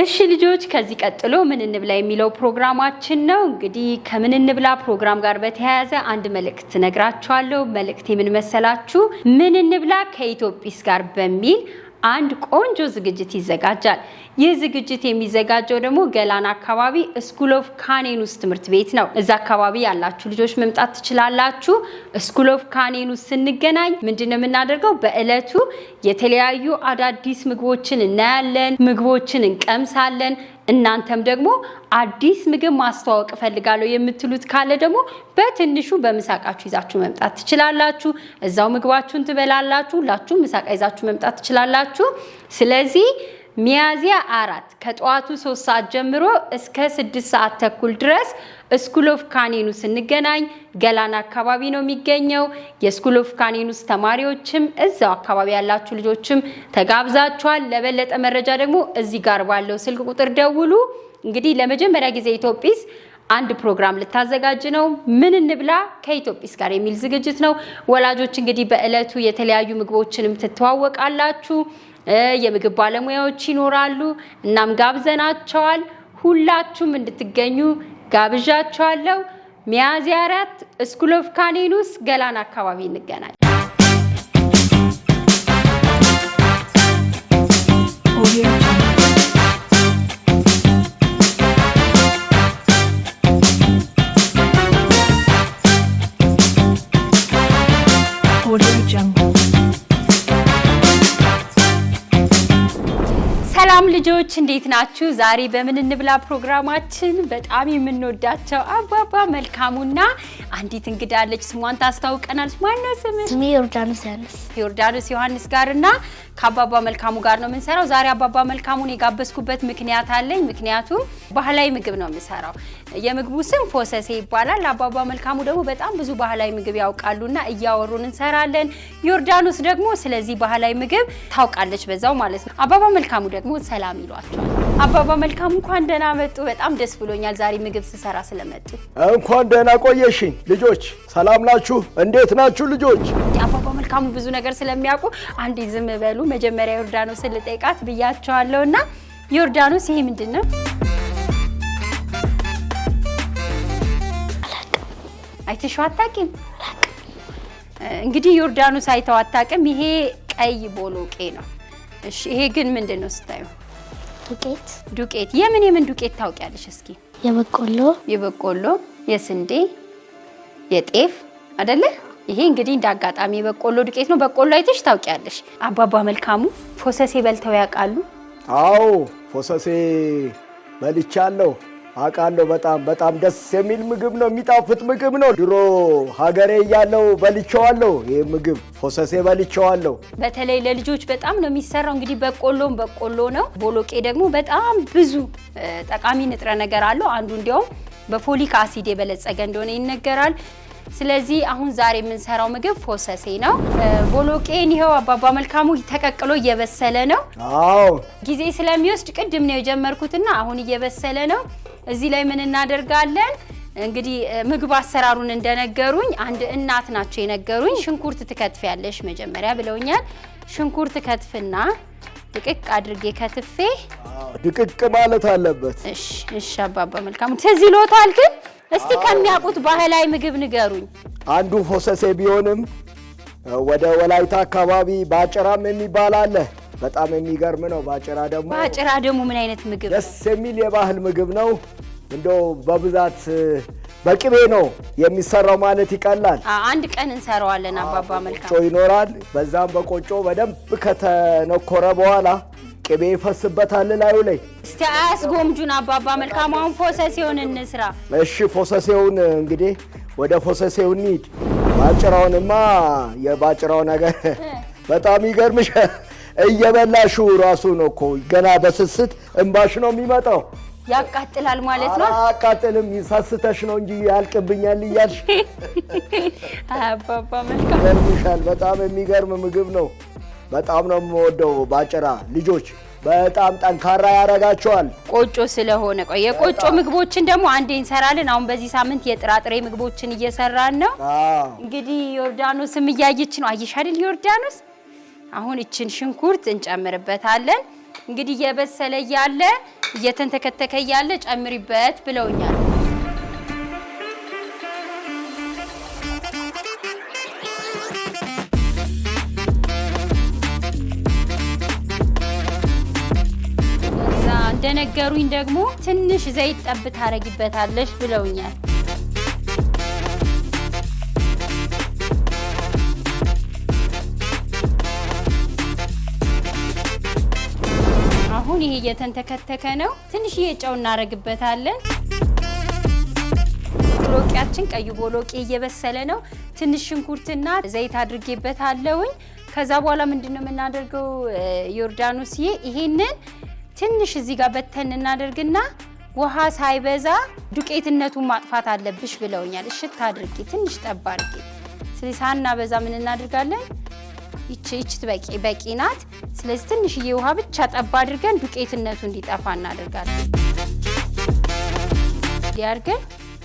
እሺ ልጆች ከዚህ ቀጥሎ ምን እንብላ የሚለው ፕሮግራማችን ነው። እንግዲህ ከምን እንብላ ፕሮግራም ጋር በተያያዘ አንድ መልእክት ነግራችኋለሁ። መልእክት የምን መሰላችሁ? ምን እንብላ ከኢትዮጲስ ጋር በሚል አንድ ቆንጆ ዝግጅት ይዘጋጃል። ይህ ዝግጅት የሚዘጋጀው ደግሞ ገላን አካባቢ ስኩል ኦፍ ካኔኑስ ትምህርት ቤት ነው። እዛ አካባቢ ያላችሁ ልጆች መምጣት ትችላላችሁ። ስኩል ኦፍ ካኔኑስ ስንገናኝ ምንድን ነው የምናደርገው? በእለቱ የተለያዩ አዳዲስ ምግቦችን እናያለን፣ ምግቦችን እንቀምሳለን። እናንተም ደግሞ አዲስ ምግብ ማስተዋወቅ እፈልጋለሁ የምትሉት ካለ ደግሞ በትንሹ በምሳቃችሁ ይዛችሁ መምጣት ትችላላችሁ። እዛው ምግባችሁን ትበላላችሁ። ሁላችሁም ምሳቃ ይዛችሁ መምጣት ትችላላችሁ። ስለዚህ ሚያዚያ አራት ከጠዋቱ ሶስት ሰዓት ጀምሮ እስከ ስድስት ሰዓት ተኩል ድረስ ስኩል ኦፍ ካኔኑ ስንገናኝ ገላን አካባቢ ነው የሚገኘው። የስኩል ኦፍ ካኔኑስ ተማሪዎችም እዛው አካባቢ ያላችሁ ልጆችም ተጋብዛችኋል። ለበለጠ መረጃ ደግሞ እዚህ ጋር ባለው ስልክ ቁጥር ደውሉ። እንግዲህ ለመጀመሪያ ጊዜ ኢትዮጲስ አንድ ፕሮግራም ልታዘጋጅ ነው። ምን እንብላ ከኢትዮጲስ ጋር የሚል ዝግጅት ነው። ወላጆች እንግዲህ በእለቱ የተለያዩ ምግቦችንም ትተዋወቃላችሁ። የምግብ ባለሙያዎች ይኖራሉ። እናም ጋብዘናቸዋል። ሁላችሁም እንድትገኙ ጋብዣቸዋለሁ። ሚያዝያ አራት ስኩል ኦፍ ካኔኑስ ገላን አካባቢ እንገናኝ። ሰላም ልጆች እንዴት ናችሁ? ዛሬ በምን እንብላ ፕሮግራማችን በጣም የምንወዳቸው አባባ መልካሙና አንዲት እንግዳለች ስሟን ታስታውቀናለች። ማነው ስምሽ? ዮርዳኖስ ዮሐንስ። ዮርዳኖስ ዮሐንስ ጋርና ከአባባ መልካሙ ጋር ነው የምንሰራው። ዛሬ አባባ መልካሙን የጋበዝኩበት ምክንያት አለኝ። ምክንያቱም ባህላዊ ምግብ ነው የምሰራው። የምግቡ ስም ፎሰሴ ይባላል። አባባ መልካሙ ደግሞ በጣም ብዙ ባህላዊ ምግብ ያውቃሉና እያወሩን እንሰራለን። ዮርዳኖስ ደግሞ ስለዚህ ባህላዊ ምግብ ታውቃለች በዛው ማለት ነው። አባባ መልካሙ ደግሞ ሰላም ይሏቸዋል። አባባ መልካሙ እንኳን ደህና መጡ። በጣም ደስ ብሎኛል ዛሬ ምግብ ስሰራ ስለመጡ። እንኳን ደህና ቆየሽኝ ልጆች። ሰላም ናችሁ? እንዴት ናችሁ ልጆች? መልካሙ ብዙ ነገር ስለሚያውቁ አንድ ዝም በሉ መጀመሪያ ዮርዳኖስን ልጠይቃት ብያቸዋለሁ። እና ዮርዳኖስ ይሄ ምንድን ነው? አይተሽው አታውቂም? እንግዲህ ዮርዳኖስ አይተው አታውቅም። ይሄ ቀይ ቦሎቄ ነው። እሺ፣ ይሄ ግን ምንድን ነው ስታዩ? ዱቄት ዱቄት። የምን የምን ዱቄት ታውቂያለሽ? እስኪ የበቆሎ የበቆሎ፣ የስንዴ፣ የጤፍ አይደለህ? ይሄ እንግዲህ እንደ አጋጣሚ በቆሎ ዱቄት ነው። በቆሎ አይተሽ ታውቂያለሽ? አባባ መልካሙ ፎሰሴ በልተው ያውቃሉ? አዎ ፎሰሴ በልቻለሁ አውቃለሁ። በጣም በጣም ደስ የሚል ምግብ ነው፣ የሚጣፍጥ ምግብ ነው። ድሮ ሀገሬ እያለሁ በልቼዋለሁ። ይህ ምግብ ፎሰሴ በልቼዋለሁ። በተለይ ለልጆች በጣም ነው የሚሰራው። እንግዲህ በቆሎም በቆሎ ነው። ቦሎቄ ደግሞ በጣም ብዙ ጠቃሚ ንጥረ ነገር አለው። አንዱ እንዲያውም በፎሊክ አሲድ የበለጸገ እንደሆነ ይነገራል። ስለዚህ አሁን ዛሬ የምንሰራው ምግብ ፎሰሴ ነው። ቦሎቄን ይኸው አባባ መልካሙ ተቀቅሎ እየበሰለ ነው። አዎ ጊዜ ስለሚወስድ ቅድም ነው የጀመርኩትና አሁን እየበሰለ ነው። እዚህ ላይ ምን እናደርጋለን? እንግዲህ ምግብ አሰራሩን እንደነገሩኝ አንድ እናት ናቸው የነገሩኝ። ሽንኩርት ትከትፊያለሽ መጀመሪያ ብለውኛል። ሽንኩርት ከትፍና ድቅቅ አድርጌ ከትፌ ድቅቅ ማለት አለበት። እሺ እሺ። አባባ መልካሙ ትዝ ይሎታል ግን እስቲ ከሚያውቁት ባህላዊ ምግብ ንገሩኝ። አንዱ ፎሰሴ ቢሆንም ወደ ወላይታ አካባቢ ባጭራም የሚባል አለ። በጣም የሚገርም ነው። ባጭራ ደግሞ ባጭራ ደግሞ ምን አይነት ምግብ ደስ የሚል የባህል ምግብ ነው። እንደው በብዛት በቅቤ ነው የሚሰራው ማለት ይቀላል። አንድ ቀን እንሰራዋለን አባባ። መልካም ቆጮ ይኖራል። በዛም በቆጮ በደንብ ከተነኮረ በኋላ ቅቤ ይፈስበታል ላዩ ላይ። እስቲ አያስጎምጁን አባባ፣ መልካም። አሁን ፎሰሴውን እንስራ። እሺ ፎሰሴውን እንግዲህ ወደ ፎሰሴው እንሂድ። ባጭራውንማ የባጭራው ነገር በጣም ይገርምሽ። እየበላሹ ራሱ ነው እኮ ገና በስስት እንባሽ ነው የሚመጣው። ያቃጥላል ማለት ነው። አቃጥልም ይሳስተሽ ነው እንጂ ያልቅብኛል እያልሽ አባባ፣ መልካም ይገርምሻል። በጣም የሚገርም ምግብ ነው። በጣም ነው የምወደው ባጭራ። ልጆች በጣም ጠንካራ ያደርጋቸዋል ቆጮ ስለሆነ። ቆይ የቆጮ ምግቦችን ደግሞ አንዴ እንሰራለን። አሁን በዚህ ሳምንት የጥራጥሬ ምግቦችን እየሰራን ነው። እንግዲህ ዮርዳኖስም እያየች ነው። አየሽ አይደል ዮርዳኖስ? አሁን እችን ሽንኩርት እንጨምርበታለን። እንግዲህ እየበሰለ እያለ እየተንተከተከ እያለ ጨምሪበት ብለውኛል። እንደነገሩኝ ደግሞ ትንሽ ዘይት ጠብ ታረጊበታለሽ ብለውኛል። አሁን ይሄ እየተንተከተከ ነው። ትንሽዬ ጨው እናረግበታለን። ቦሎቄያችን ቀዩ ቦሎቄ እየበሰለ ነው። ትንሽ ሽንኩርትና ዘይት አድርጌበታለሁኝ። ከዛ በኋላ ምንድነው የምናደርገው ዮርዳኖስዬ? ይሄንን ትንሽ እዚህ ጋር በተን እናደርግና ውሃ ሳይበዛ ዱቄትነቱን ማጥፋት አለብሽ ብለውኛል። እሽት አድርጊ፣ ትንሽ ጠብ አድርጊ። ስለዚህ ሳናበዛ ምን እናደርጋለን? ይቺ ይቺ በቂ በቂ ናት። ስለዚህ ትንሽዬ ውሃ ብቻ ጠብ አድርገን ዱቄትነቱ እንዲጠፋ እናደርጋለን። እንዲያርገን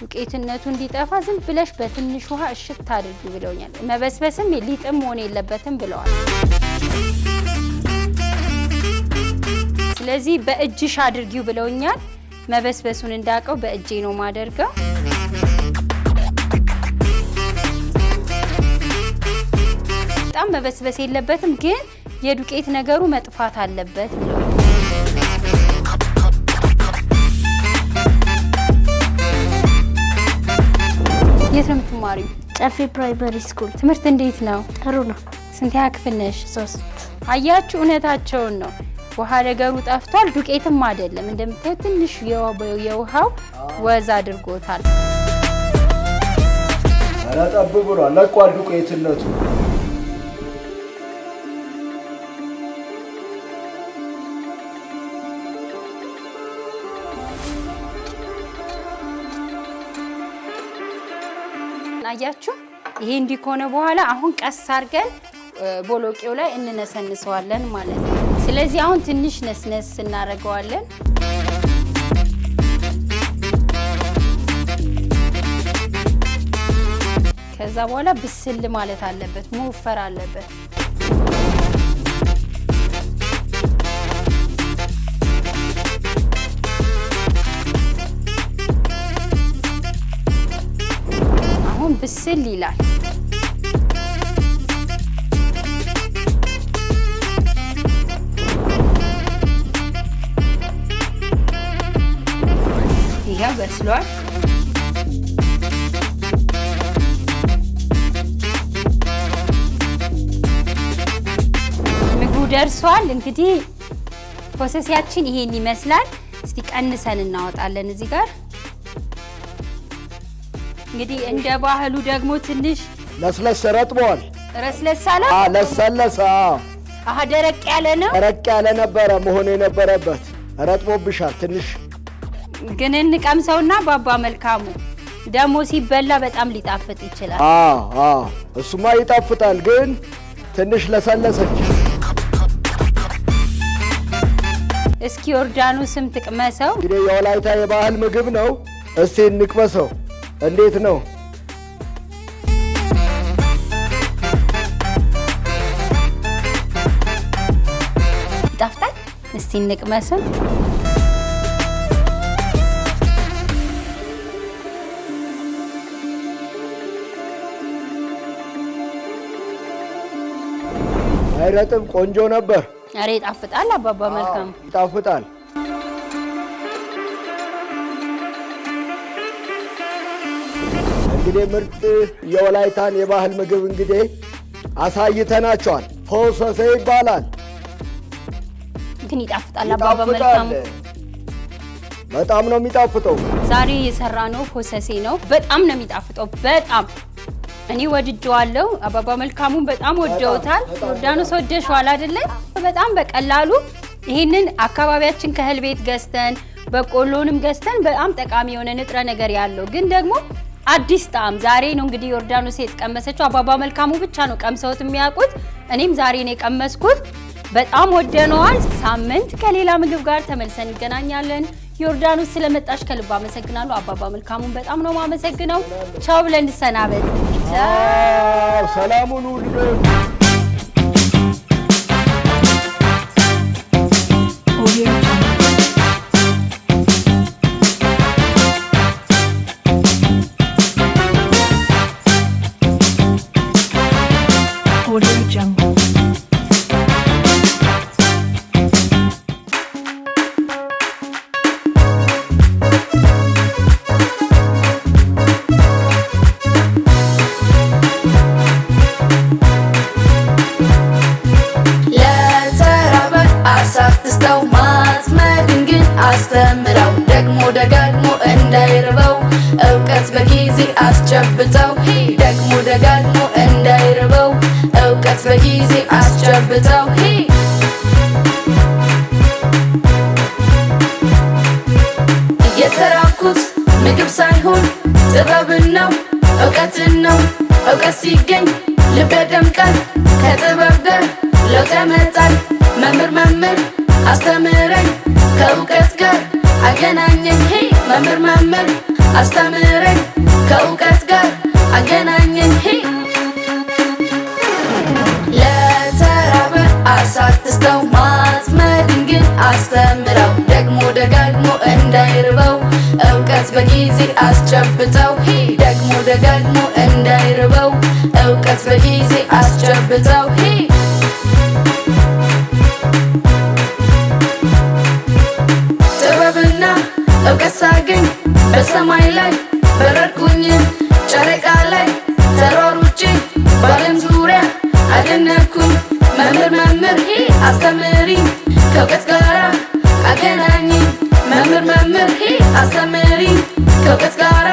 ዱቄትነቱ እንዲጠፋ ዝም ብለሽ በትንሽ ውሃ እሽት አድርጊ ብለውኛል። መበስበስም ሊጥም መሆን የለበትም ብለዋል። ስለዚህ በእጅሽ አድርጊው ብለውኛል። መበስበሱን እንዳውቀው በእጄ ነው ማደርገው። በጣም መበስበስ የለበትም ግን የዱቄት ነገሩ መጥፋት አለበት። የት ነው የምትማሪው? ጨፌ ፕራይመሪ ስኩል። ትምህርት እንዴት ነው? ጥሩ ነው። ስንት ክፍል ነሽ? ሶስት። አያችሁ እውነታቸውን ነው። ውሃ ነገሩ ጠፍቷል። ዱቄትም አይደለም እንደምታዩት ትንሽ የውሃው ወዝ አድርጎታል። አላጠብ ብሏል፣ ለቋል ዱቄትነቱ። አያችሁ፣ ይሄ እንዲህ ከሆነ በኋላ አሁን ቀስ አድርገን ቦሎቄው ላይ እንነሰንሰዋለን ማለት ነው። ስለዚህ አሁን ትንሽ ነስነስ እናደርገዋለን። ከዛ በኋላ ብስል ማለት አለበት፣ መወፈር አለበት። አሁን ብስል ይላል። ተችሏል። ምግቡ ደርሷል። እንግዲህ ፕሮሰሲያችን ይሄን ይመስላል። እስቲ ቀንሰን እናወጣለን እዚህ ጋር እንግዲህ እንደ ባህሉ ደግሞ ትንሽ ለስለስ ረጥቧል። ረስለስ ለሰለሰ። አዎ ደረቅ ያለ ነው። ረቅ ያለ ነበረ መሆን የነበረበት። ረጥቦብሻል ትንሽ ግን እንቀምሰውና ባባ መልካሙ ደግሞ ሲበላ በጣም ሊጣፍጥ ይችላል። እሱማ ይጣፍጣል፣ ግን ትንሽ ለሰለሰች። እስኪ ዮርዳኖስም ትቅመሰው። እንግዲህ የወላይታ የባህል ምግብ ነው። እስቲ እንቅመሰው። እንዴት ነው? ይጣፍጣል። እስቲ እንቅመሰው። አይረጥም። ቆንጆ ነበር። ኧረ ይጣፍጣል አባባ። መልካም ይጣፍጣል። እንግዲህ ምርጥ የወላይታን የባህል ምግብ እንግዲህ አሳይተናቸዋል። ፎሰሴ ይባላል። ግን ይጣፍጣል አባባ። መልካም በጣም ነው የሚጣፍጠው። ዛሬ የሰራ ነው ፎሰሴ ነው። በጣም ነው የሚጣፍጠው። በጣም እኔ ወድጀዋለሁ። አባባ መልካሙን በጣም ወደውታል። ዮርዳኖስ ወደሽዋል አይደለም? በጣም በቀላሉ ይህንን አካባቢያችን ከእህል ቤት ገዝተን በቆሎንም ገዝተን በጣም ጠቃሚ የሆነ ንጥረ ነገር ያለው ግን ደግሞ አዲስ ጣዕም ዛሬ ነው እንግዲህ ዮርዳኖስ የተቀመሰችው። አባባ መልካሙ ብቻ ነው ቀምሰውት የሚያውቁት። እኔም ዛሬ ነው የቀመስኩት። በጣም ወደነዋል። ሳምንት ከሌላ ምግብ ጋር ተመልሰን እንገናኛለን። ዮርዳኖስ ስለመጣሽ ከልብ አመሰግናለሁ። አባባ መልካሙን በጣም ነው የማመሰግነው። ቻው ብለን እንሰናበት። ሰላሙን አስጨብጠው ደግሞ ደጋግሞ እንዳይርበው እውቀት በጊዜ አስጨብጠው እየተራኩት ምግብ ሳይሆን ጥበብን ነው እውቀትን ነው እውቀት ሲገኝ ልብ ያደምቃል ከጥበብ ጋር ለውጥ ያመጣል መምህር መምህር አስተምረኝ ከእውቀት ጋር አገናኘኝ መምህር መምህር ሰው ማስመድንግን ግን አስተምረው ደግሞ ደጋግሞ እንዳይርበው እውቀት በጊዜ አስጨብጠው ደግሞ ደጋግሞ እንዳይርበው እውቀት በጊዜ አስጨብጠው ጥበብና እውቀት ሳገኝ በሰማይ ላይ በረርኩኝ ጨረቃ ላይ ተሯሩጬ መምህር መምህር አስተምሪ ከእውቀት ጋራ አገናኝ መምህር መምህር አስተምሪ ከእውቀት ጋራ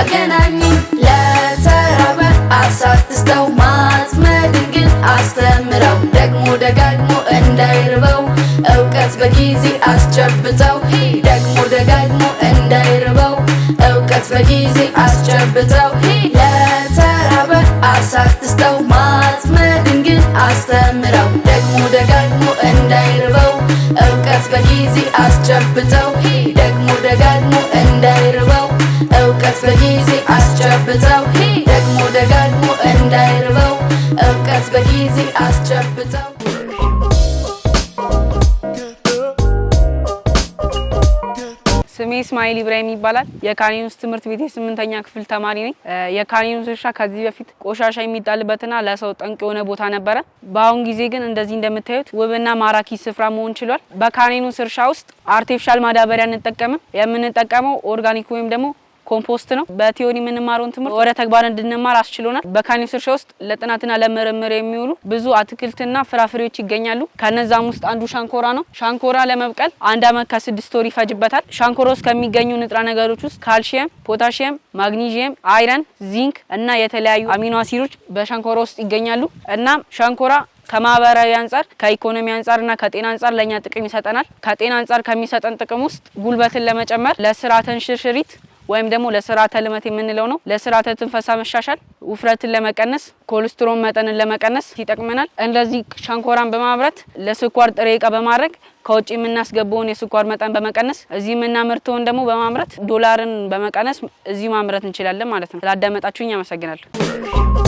አገናኝ ለተራበ አሳትስተው ማጽመድን ግን አስተምረው ደግሞ ደጋግሞ እንዳይርበው እውቀት በጊዜ አስጨብጠው ደግሞ ደጋግሞ እንዳይርበው እውቀት በጊዜ አስጨብጠው አስተምረው ደግሞ ደጋግሞ እንዳይርበው እውቀት በጊዜ አስጨብጠው ደግሞ ደጋግሞ እንዳይርበው እውቀት በጊዜ አስጨብጠው ደግሞ ደጋግሞ እንዳይርበው እውቀት በጊዜ አስጨብጠው ስሜ እስማኤል ኢብራሂም ይባላል። የካኒኑስ ትምህርት ቤት የስምንተኛ ክፍል ተማሪ ነኝ። የካኒኑስ እርሻ ከዚህ በፊት ቆሻሻ የሚጣልበትና ለሰው ጠንቅ የሆነ ቦታ ነበረ። በአሁን ጊዜ ግን እንደዚህ እንደምታዩት ውብና ማራኪ ስፍራ መሆን ችሏል። በካኒኑስ እርሻ ውስጥ አርቲፊሻል ማዳበሪያ እንጠቀምም። የምንጠቀመው ኦርጋኒክ ወይም ደግሞ ኮምፖስት ነው። በቲዮሪ የምንማረውን ትምህርት ወደ ተግባር እንድንማር አስችሎናል። በካኒስ እርሻ ውስጥ ለጥናትና ለምርምር የሚውሉ ብዙ አትክልትና ፍራፍሬዎች ይገኛሉ። ከነዛም ውስጥ አንዱ ሻንኮራ ነው። ሻንኮራ ለመብቀል አንድ አመት ከስድስት ወር ይፈጅበታል። ሻንኮራ ውስጥ ከሚገኙ ንጥረ ነገሮች ውስጥ ካልሽየም፣ ፖታሽየም፣ ማግኒዥየም፣ አይረን፣ ዚንክ እና የተለያዩ አሚኖ አሲዶች በሻንኮራ ውስጥ ይገኛሉ። እናም ሻንኮራ ከማህበራዊ አንጻር ከኢኮኖሚ አንጻርና ከጤና አንጻር ለእኛ ጥቅም ይሰጠናል። ከጤና አንጻር ከሚሰጠን ጥቅም ውስጥ ጉልበትን ለመጨመር፣ ለስርዓተ እንሽርሽሪት ወይም ደግሞ ለስርዓተ ልመት የምንለው ነው። ለስርዓተ ትንፈሳ መሻሻል፣ ውፍረትን ለመቀነስ፣ ኮሌስትሮል መጠንን ለመቀነስ ይጠቅመናል። እንደዚህ ሸንኮራን በማምረት ለስኳር ጥሬ እቃ በማድረግ ከውጭ የምናስገባውን የስኳር መጠን በመቀነስ እዚህ የምናመርተውን ደግሞ በማምረት ዶላርን በመቀነስ እዚህ ማምረት እንችላለን ማለት ነው። ስላዳመጣችሁኝ አመሰግናለሁ።